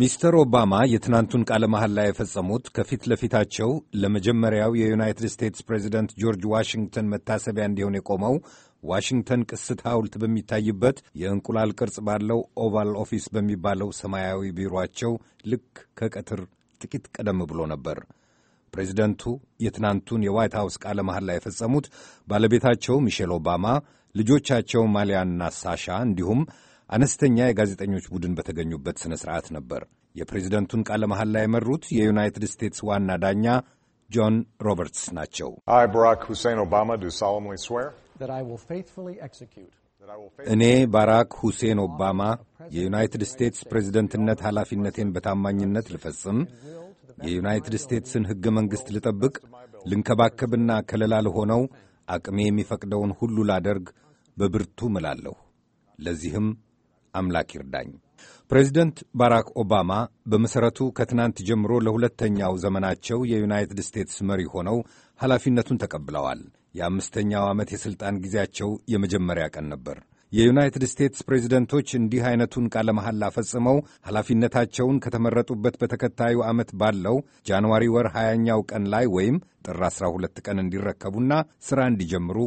ሚስተር ኦባማ የትናንቱን ቃለ መሐላ የፈጸሙት ከፊት ለፊታቸው ለመጀመሪያው የዩናይትድ ስቴትስ ፕሬዚደንት ጆርጅ ዋሽንግተን መታሰቢያ እንዲሆን የቆመው ዋሽንግተን ቅስት ሐውልት በሚታይበት የእንቁላል ቅርጽ ባለው ኦቫል ኦፊስ በሚባለው ሰማያዊ ቢሮአቸው ልክ ከቀትር ጥቂት ቀደም ብሎ ነበር። ፕሬዚደንቱ የትናንቱን የዋይት ሐውስ ቃለ መሐላ የፈጸሙት ባለቤታቸው ሚሼል ኦባማ፣ ልጆቻቸው ማሊያና ሳሻ እንዲሁም አነስተኛ የጋዜጠኞች ቡድን በተገኙበት ሥነ ሥርዓት ነበር። የፕሬዚደንቱን ቃለ መሐላ የመሩት የዩናይትድ ስቴትስ ዋና ዳኛ ጆን ሮበርትስ ናቸው። እኔ ባራክ ሁሴን ኦባማ የዩናይትድ ስቴትስ ፕሬዚደንትነት ኃላፊነቴን በታማኝነት ልፈጽም፣ የዩናይትድ ስቴትስን ሕገ መንግሥት ልጠብቅ፣ ልንከባከብና ከለላ ለሆነው አቅሜ የሚፈቅደውን ሁሉ ላደርግ በብርቱ ምላለሁ። ለዚህም አምላክ ይርዳኝ። ፕሬዚደንት ባራክ ኦባማ በመሠረቱ ከትናንት ጀምሮ ለሁለተኛው ዘመናቸው የዩናይትድ ስቴትስ መሪ ሆነው ኃላፊነቱን ተቀብለዋል። የአምስተኛው ዓመት የሥልጣን ጊዜያቸው የመጀመሪያ ቀን ነበር። የዩናይትድ ስቴትስ ፕሬዚደንቶች እንዲህ አይነቱን ቃለ መሐላ ፈጽመው ኃላፊነታቸውን ከተመረጡበት በተከታዩ ዓመት ባለው ጃንዋሪ ወር 20ኛው ቀን ላይ ወይም ጥር 12 ቀን እንዲረከቡና ሥራ እንዲጀምሩ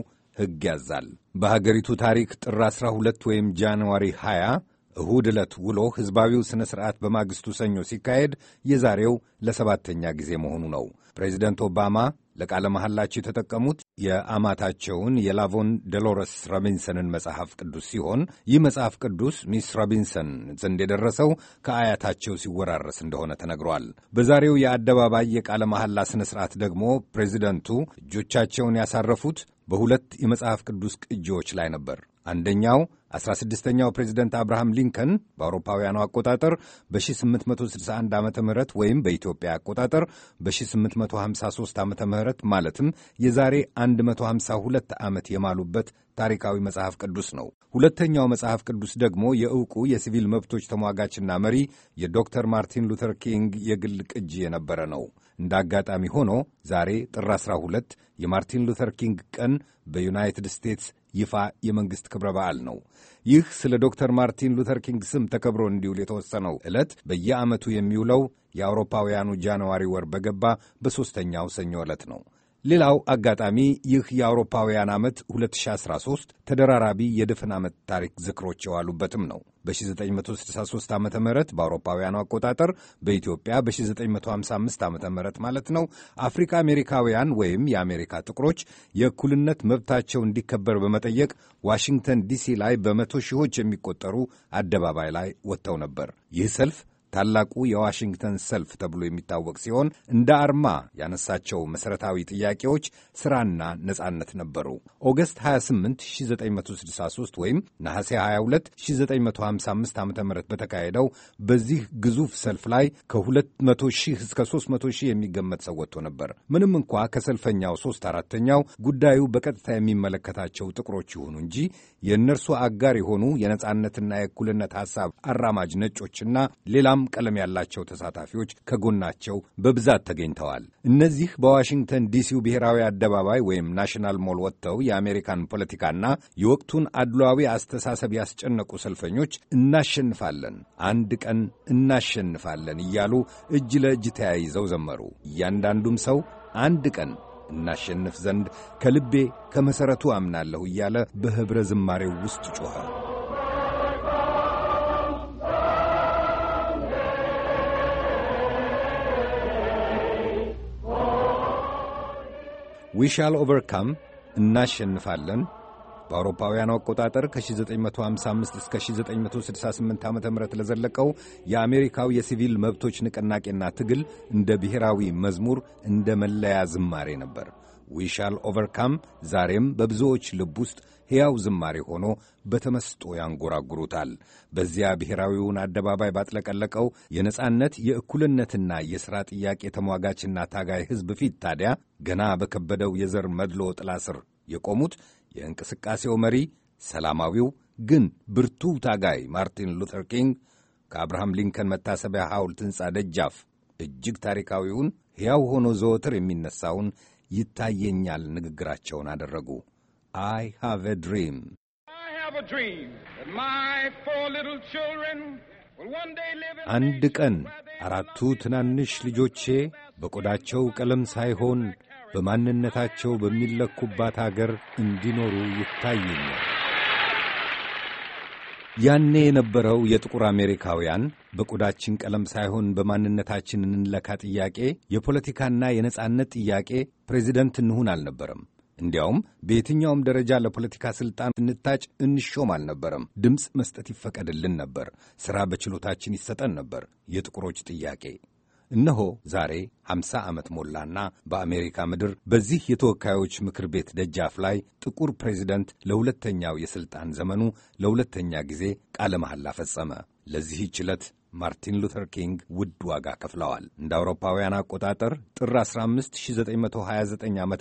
ሕግ ያዛል። በሀገሪቱ ታሪክ ጥር 12 ወይም ጃንዋሪ 20 እሁድ ዕለት ውሎ ሕዝባዊው ሥነ ሥርዓት በማግስቱ ሰኞ ሲካሄድ የዛሬው ለሰባተኛ ጊዜ መሆኑ ነው። ፕሬዚደንት ኦባማ ለቃለ መሐላቸው የተጠቀሙት የአማታቸውን የላቮን ዶሎረስ ሮቢንሰንን መጽሐፍ ቅዱስ ሲሆን ይህ መጽሐፍ ቅዱስ ሚስ ሮቢንሰን ዘንድ የደረሰው ከአያታቸው ሲወራረስ እንደሆነ ተነግሯል። በዛሬው የአደባባይ የቃለ መሐላ ሥነ ሥርዓት ደግሞ ፕሬዚደንቱ እጆቻቸውን ያሳረፉት በሁለት የመጽሐፍ ቅዱስ ቅጂዎች ላይ ነበር። አንደኛው 16ኛው ፕሬዚደንት አብርሃም ሊንከን በአውሮፓውያኑ አቆጣጠር በ1861 ዓ ም ወይም በኢትዮጵያ አቆጣጠር በ1853 ዓ ም ማለትም የዛሬ 152 ዓመት የማሉበት ታሪካዊ መጽሐፍ ቅዱስ ነው። ሁለተኛው መጽሐፍ ቅዱስ ደግሞ የዕውቁ የሲቪል መብቶች ተሟጋችና መሪ የዶክተር ማርቲን ሉተር ኪንግ የግል ቅጂ የነበረ ነው። እንደ አጋጣሚ ሆኖ ዛሬ ጥር 12 የማርቲን ሉተር ኪንግ ቀን በዩናይትድ ስቴትስ ይፋ የመንግሥት ክብረ በዓል ነው። ይህ ስለ ዶክተር ማርቲን ሉተር ኪንግ ስም ተከብሮ እንዲውል የተወሰነው ዕለት በየዓመቱ የሚውለው የአውሮፓውያኑ ጃንዋሪ ወር በገባ በሦስተኛው ሰኞ ዕለት ነው። ሌላው አጋጣሚ ይህ የአውሮፓውያን ዓመት 2013 ተደራራቢ የድፍን ዓመት ታሪክ ዝክሮች የዋሉበትም ነው። በ1963 ዓ ም በአውሮፓውያኑ አቆጣጠር በኢትዮጵያ በ1955 ዓ ም ማለት ነው አፍሪካ አሜሪካውያን ወይም የአሜሪካ ጥቁሮች የእኩልነት መብታቸው እንዲከበር በመጠየቅ ዋሽንግተን ዲሲ ላይ በመቶ ሺዎች የሚቆጠሩ አደባባይ ላይ ወጥተው ነበር። ይህ ሰልፍ ታላቁ የዋሽንግተን ሰልፍ ተብሎ የሚታወቅ ሲሆን እንደ አርማ ያነሳቸው መሠረታዊ ጥያቄዎች ሥራና ነጻነት ነበሩ። ኦገስት 28 1963 ወይም ነሐሴ 22 1955 ዓ ም በተካሄደው በዚህ ግዙፍ ሰልፍ ላይ ከ200 ሺህ እስከ 300 ሺህ የሚገመት ሰው ወጥቶ ነበር። ምንም እንኳ ከሰልፈኛው ሦስት አራተኛው ጉዳዩ በቀጥታ የሚመለከታቸው ጥቁሮች ይሁኑ እንጂ የእነርሱ አጋር የሆኑ የነጻነትና የእኩልነት ሐሳብ አራማጅ ነጮችና ሌላም ወርቃም ቀለም ያላቸው ተሳታፊዎች ከጎናቸው በብዛት ተገኝተዋል። እነዚህ በዋሽንግተን ዲሲው ብሔራዊ አደባባይ ወይም ናሽናል ሞል ወጥተው የአሜሪካን ፖለቲካና የወቅቱን አድሏዊ አስተሳሰብ ያስጨነቁ ሰልፈኞች እናሸንፋለን፣ አንድ ቀን እናሸንፋለን እያሉ እጅ ለእጅ ተያይዘው ዘመሩ። እያንዳንዱም ሰው አንድ ቀን እናሸንፍ ዘንድ ከልቤ ከመሠረቱ አምናለሁ እያለ በኅብረ ዝማሬው ውስጥ ጮኸ። ዊሻል ኦቨርካም እናሸንፋለን በአውሮፓውያኑ አቆጣጠር ከ1955 እስከ 1968 ዓ ም ለዘለቀው የአሜሪካው የሲቪል መብቶች ንቅናቄና ትግል እንደ ብሔራዊ መዝሙር እንደ መለያ ዝማሬ ነበር። ዊሻል ኦቨርካም ዛሬም በብዙዎች ልብ ውስጥ ሕያው ዝማሬ ሆኖ በተመስጦ ያንጎራጉሩታል። በዚያ ብሔራዊውን አደባባይ ባጥለቀለቀው የነጻነት የእኩልነትና የሥራ ጥያቄ ተሟጋችና ታጋይ ሕዝብ ፊት ታዲያ ገና በከበደው የዘር መድሎ ጥላ ስር የቆሙት የእንቅስቃሴው መሪ ሰላማዊው ግን ብርቱ ታጋይ ማርቲን ሉተር ኪንግ ከአብርሃም ሊንከን መታሰቢያ ሐውልት ሕንፃ ደጃፍ እጅግ ታሪካዊውን ሕያው ሆኖ ዘወትር የሚነሳውን ይታየኛል ንግግራቸውን አደረጉ። አይ ሃቭ ድሪም አንድ ቀን አራቱ ትናንሽ ልጆቼ በቆዳቸው ቀለም ሳይሆን በማንነታቸው በሚለኩባት አገር እንዲኖሩ ይታየኛል። ያኔ የነበረው የጥቁር አሜሪካውያን በቆዳችን ቀለም ሳይሆን በማንነታችን እንለካ ጥያቄ የፖለቲካና የነጻነት ጥያቄ ፕሬዚደንት እንሁን አልነበረም። እንዲያውም በየትኛውም ደረጃ ለፖለቲካ ሥልጣን እንታጭ እንሾም አልነበረም። ድምፅ መስጠት ይፈቀድልን ነበር። ሥራ በችሎታችን ይሰጠን ነበር። የጥቁሮች ጥያቄ እነሆ ዛሬ 50 ዓመት ሞላና በአሜሪካ ምድር በዚህ የተወካዮች ምክር ቤት ደጃፍ ላይ ጥቁር ፕሬዚደንት ለሁለተኛው የሥልጣን ዘመኑ ለሁለተኛ ጊዜ ቃለ መሐላ ፈጸመ። ለዚህች ዕለት ማርቲን ሉተር ኪንግ ውድ ዋጋ ከፍለዋል። እንደ አውሮፓውያን አቆጣጠር ጥር 15929 ዓ ም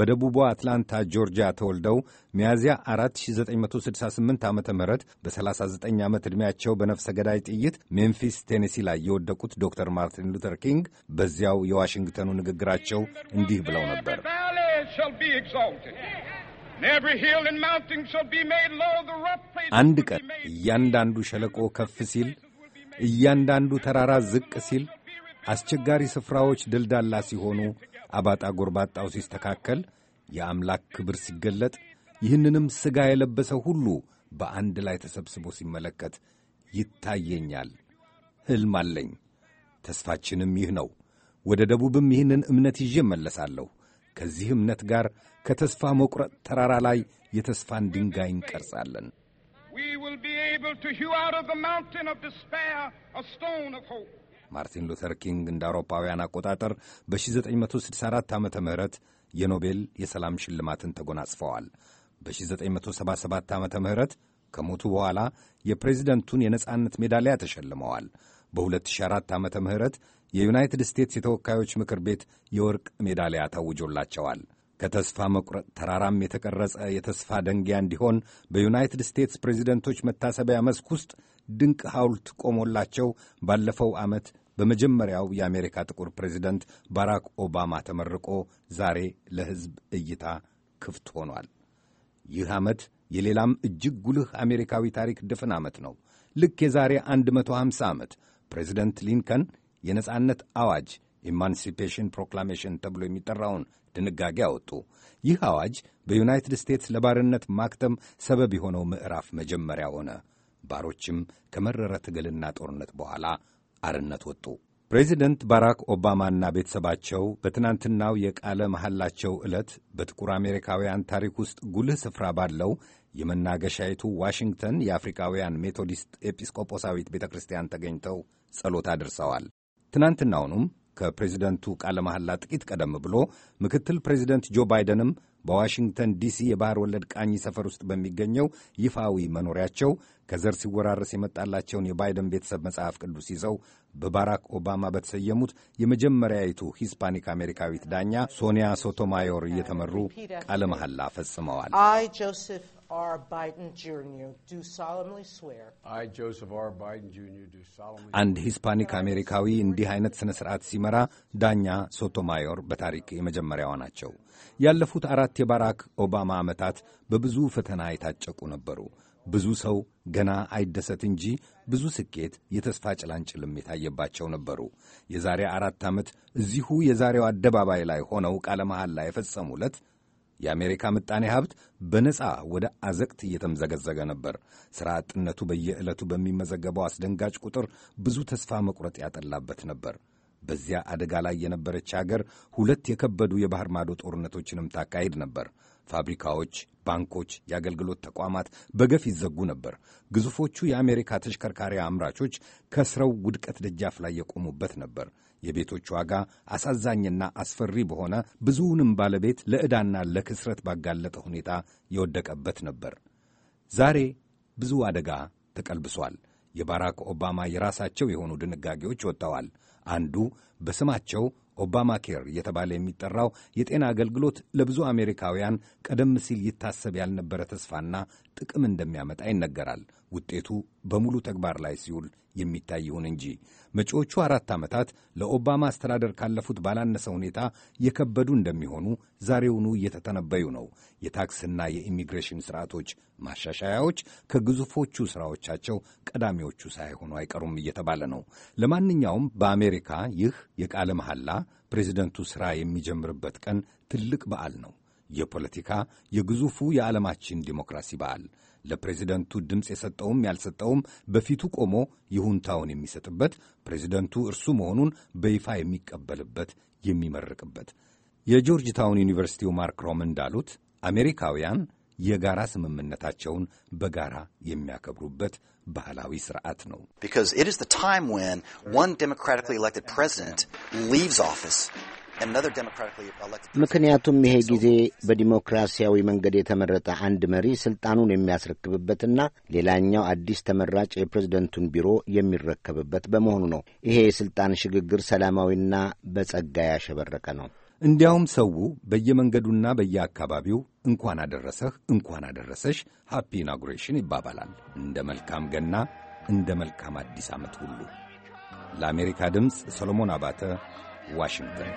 በደቡቧ አትላንታ ጆርጂያ ተወልደው ሚያዝያ 4968 ዓ ም በ39 ዓመት ዕድሜያቸው በነፍሰ ገዳይ ጥይት ሜምፊስ ቴኔሲ ላይ የወደቁት ዶክተር ማርቲን ሉተር ኪንግ በዚያው የዋሽንግተኑ ንግግራቸው እንዲህ ብለው ነበር። አንድ ቀን እያንዳንዱ ሸለቆ ከፍ ሲል እያንዳንዱ ተራራ ዝቅ ሲል፣ አስቸጋሪ ስፍራዎች ደልዳላ ሲሆኑ፣ አባጣ ጎርባጣው ሲስተካከል፣ የአምላክ ክብር ሲገለጥ፣ ይህንንም ሥጋ የለበሰ ሁሉ በአንድ ላይ ተሰብስቦ ሲመለከት ይታየኛል። ሕልም አለኝ። ተስፋችንም ይህ ነው። ወደ ደቡብም ይህንን እምነት ይዤ እመለሳለሁ። ከዚህ እምነት ጋር ከተስፋ መቁረጥ ተራራ ላይ የተስፋን ድንጋይ እንቀርጻለን። will be ማርቲን ሉተር ኪንግ እንደ አውሮፓውያን አቆጣጠር በ1964 ዓ ም የኖቤል የሰላም ሽልማትን ተጎናጽፈዋል። በ1977 ዓ ም ከሞቱ በኋላ የፕሬዚደንቱን የነጻነት ሜዳሊያ ተሸልመዋል። በ2004 ዓ ም የዩናይትድ ስቴትስ የተወካዮች ምክር ቤት የወርቅ ሜዳሊያ ታውጆላቸዋል። ከተስፋ መቁረጥ ተራራም የተቀረጸ የተስፋ ደንጊያ እንዲሆን በዩናይትድ ስቴትስ ፕሬዚደንቶች መታሰቢያ መስክ ውስጥ ድንቅ ሐውልት ቆሞላቸው ባለፈው ዓመት በመጀመሪያው የአሜሪካ ጥቁር ፕሬዚደንት ባራክ ኦባማ ተመርቆ ዛሬ ለሕዝብ እይታ ክፍት ሆኗል። ይህ ዓመት የሌላም እጅግ ጉልህ አሜሪካዊ ታሪክ ድፍን ዓመት ነው። ልክ የዛሬ 150 ዓመት ፕሬዚደንት ሊንከን የነጻነት አዋጅ ኢማንሲፔሽን ፕሮክላሜሽን ተብሎ የሚጠራውን ድንጋጌ አወጡ። ይህ አዋጅ በዩናይትድ ስቴትስ ለባርነት ማክተም ሰበብ የሆነው ምዕራፍ መጀመሪያ ሆነ። ባሮችም ከመረረ ትግልና ጦርነት በኋላ አርነት ወጡ። ፕሬዚደንት ባራክ ኦባማና ቤተሰባቸው በትናንትናው የቃለ መሐላቸው ዕለት በጥቁር አሜሪካውያን ታሪክ ውስጥ ጉልህ ስፍራ ባለው የመናገሻይቱ ዋሽንግተን የአፍሪካውያን ሜቶዲስት ኤጲስቆጶሳዊት ቤተ ክርስቲያን ተገኝተው ጸሎት አድርሰዋል። ትናንትናውኑም ከፕሬዚደንቱ ቃለ መሐላ ጥቂት ቀደም ብሎ ምክትል ፕሬዚደንት ጆ ባይደንም በዋሽንግተን ዲሲ የባህር ወለድ ቃኝ ሰፈር ውስጥ በሚገኘው ይፋዊ መኖሪያቸው ከዘር ሲወራረስ የመጣላቸውን የባይደን ቤተሰብ መጽሐፍ ቅዱስ ይዘው በባራክ ኦባማ በተሰየሙት የመጀመሪያዊቱ ሂስፓኒክ አሜሪካዊት ዳኛ ሶኒያ ሶቶማዮር እየተመሩ ቃለ መሐላ ፈጽመዋል። R. Biden Jr. do solemnly swear I, Joseph R. Biden Jr. do solemnly አንድ ሂስፓኒክ አሜሪካዊ እንዲህ አይነት ስነ ስርዓት ሲመራ ዳኛ ሶቶማዮር በታሪክ የመጀመሪያዋ ናቸው። ያለፉት አራት የባራክ ኦባማ ዓመታት በብዙ ፈተና የታጨቁ ነበሩ። ብዙ ሰው ገና አይደሰት እንጂ ብዙ ስኬት፣ የተስፋ ጭላንጭልም የታየባቸው ነበሩ። የዛሬ አራት ዓመት እዚሁ የዛሬው አደባባይ ላይ ሆነው ቃለ መሐላ የፈጸሙ የአሜሪካ ምጣኔ ሀብት በነፃ ወደ አዘቅት እየተምዘገዘገ ነበር። ሥራ አጥነቱ በየዕለቱ በሚመዘገበው አስደንጋጭ ቁጥር ብዙ ተስፋ መቁረጥ ያጠላበት ነበር። በዚያ አደጋ ላይ የነበረች አገር ሁለት የከበዱ የባህር ማዶ ጦርነቶችንም ታካሂድ ነበር። ፋብሪካዎች፣ ባንኮች፣ የአገልግሎት ተቋማት በገፍ ይዘጉ ነበር። ግዙፎቹ የአሜሪካ ተሽከርካሪ አምራቾች ከስረው ውድቀት ደጃፍ ላይ የቆሙበት ነበር። የቤቶች ዋጋ አሳዛኝና አስፈሪ በሆነ ብዙውንም ባለቤት ለዕዳና ለክስረት ባጋለጠ ሁኔታ የወደቀበት ነበር። ዛሬ ብዙ አደጋ ተቀልብሷል። የባራክ ኦባማ የራሳቸው የሆኑ ድንጋጌዎች ወጥተዋል። አንዱ በስማቸው ኦባማ ኬር እየተባለ የሚጠራው የጤና አገልግሎት ለብዙ አሜሪካውያን ቀደም ሲል ይታሰብ ያልነበረ ተስፋና ጥቅም እንደሚያመጣ ይነገራል። ውጤቱ በሙሉ ተግባር ላይ ሲውል የሚታይ ይሁን እንጂ መጪዎቹ አራት ዓመታት ለኦባማ አስተዳደር ካለፉት ባላነሰ ሁኔታ የከበዱ እንደሚሆኑ ዛሬውኑ እየተተነበዩ ነው። የታክስና የኢሚግሬሽን ስርዓቶች ማሻሻያዎች ከግዙፎቹ ሥራዎቻቸው ቀዳሚዎቹ ሳይሆኑ አይቀሩም እየተባለ ነው። ለማንኛውም በአሜሪካ ይህ የቃለ መሐላ ፕሬዚደንቱ ሥራ የሚጀምርበት ቀን ትልቅ በዓል ነው። የፖለቲካ የግዙፉ የዓለማችን ዲሞክራሲ በዓል ለፕሬዚደንቱ ድምፅ የሰጠውም ያልሰጠውም በፊቱ ቆሞ ይሁንታውን የሚሰጥበት ፕሬዚደንቱ እርሱ መሆኑን በይፋ የሚቀበልበት የሚመርቅበት። የጆርጅ ታውን ዩኒቨርሲቲው ማርክ ሮም እንዳሉት አሜሪካውያን የጋራ ስምምነታቸውን በጋራ የሚያከብሩበት ባህላዊ ስርዓት ነው። ቢካዝ ኢት ኢዝ ዘ ታይም ዌን ዋን ኤሌክትድ ፕሬዚደንት ሊቭስ ኦፊስ ምክንያቱም ይሄ ጊዜ በዲሞክራሲያዊ መንገድ የተመረጠ አንድ መሪ ስልጣኑን የሚያስረክብበትና ሌላኛው አዲስ ተመራጭ የፕሬዝደንቱን ቢሮ የሚረከብበት በመሆኑ ነው። ይሄ የስልጣን ሽግግር ሰላማዊና በጸጋ ያሸበረቀ ነው። እንዲያውም ሰው በየመንገዱና በየአካባቢው እንኳን አደረሰህ እንኳን አደረሰሽ ሃፒ ኢናጉሬሽን ይባባላል። እንደ መልካም ገና፣ እንደ መልካም አዲስ ዓመት ሁሉ ለአሜሪካ ድምፅ ሰሎሞን አባተ Washington.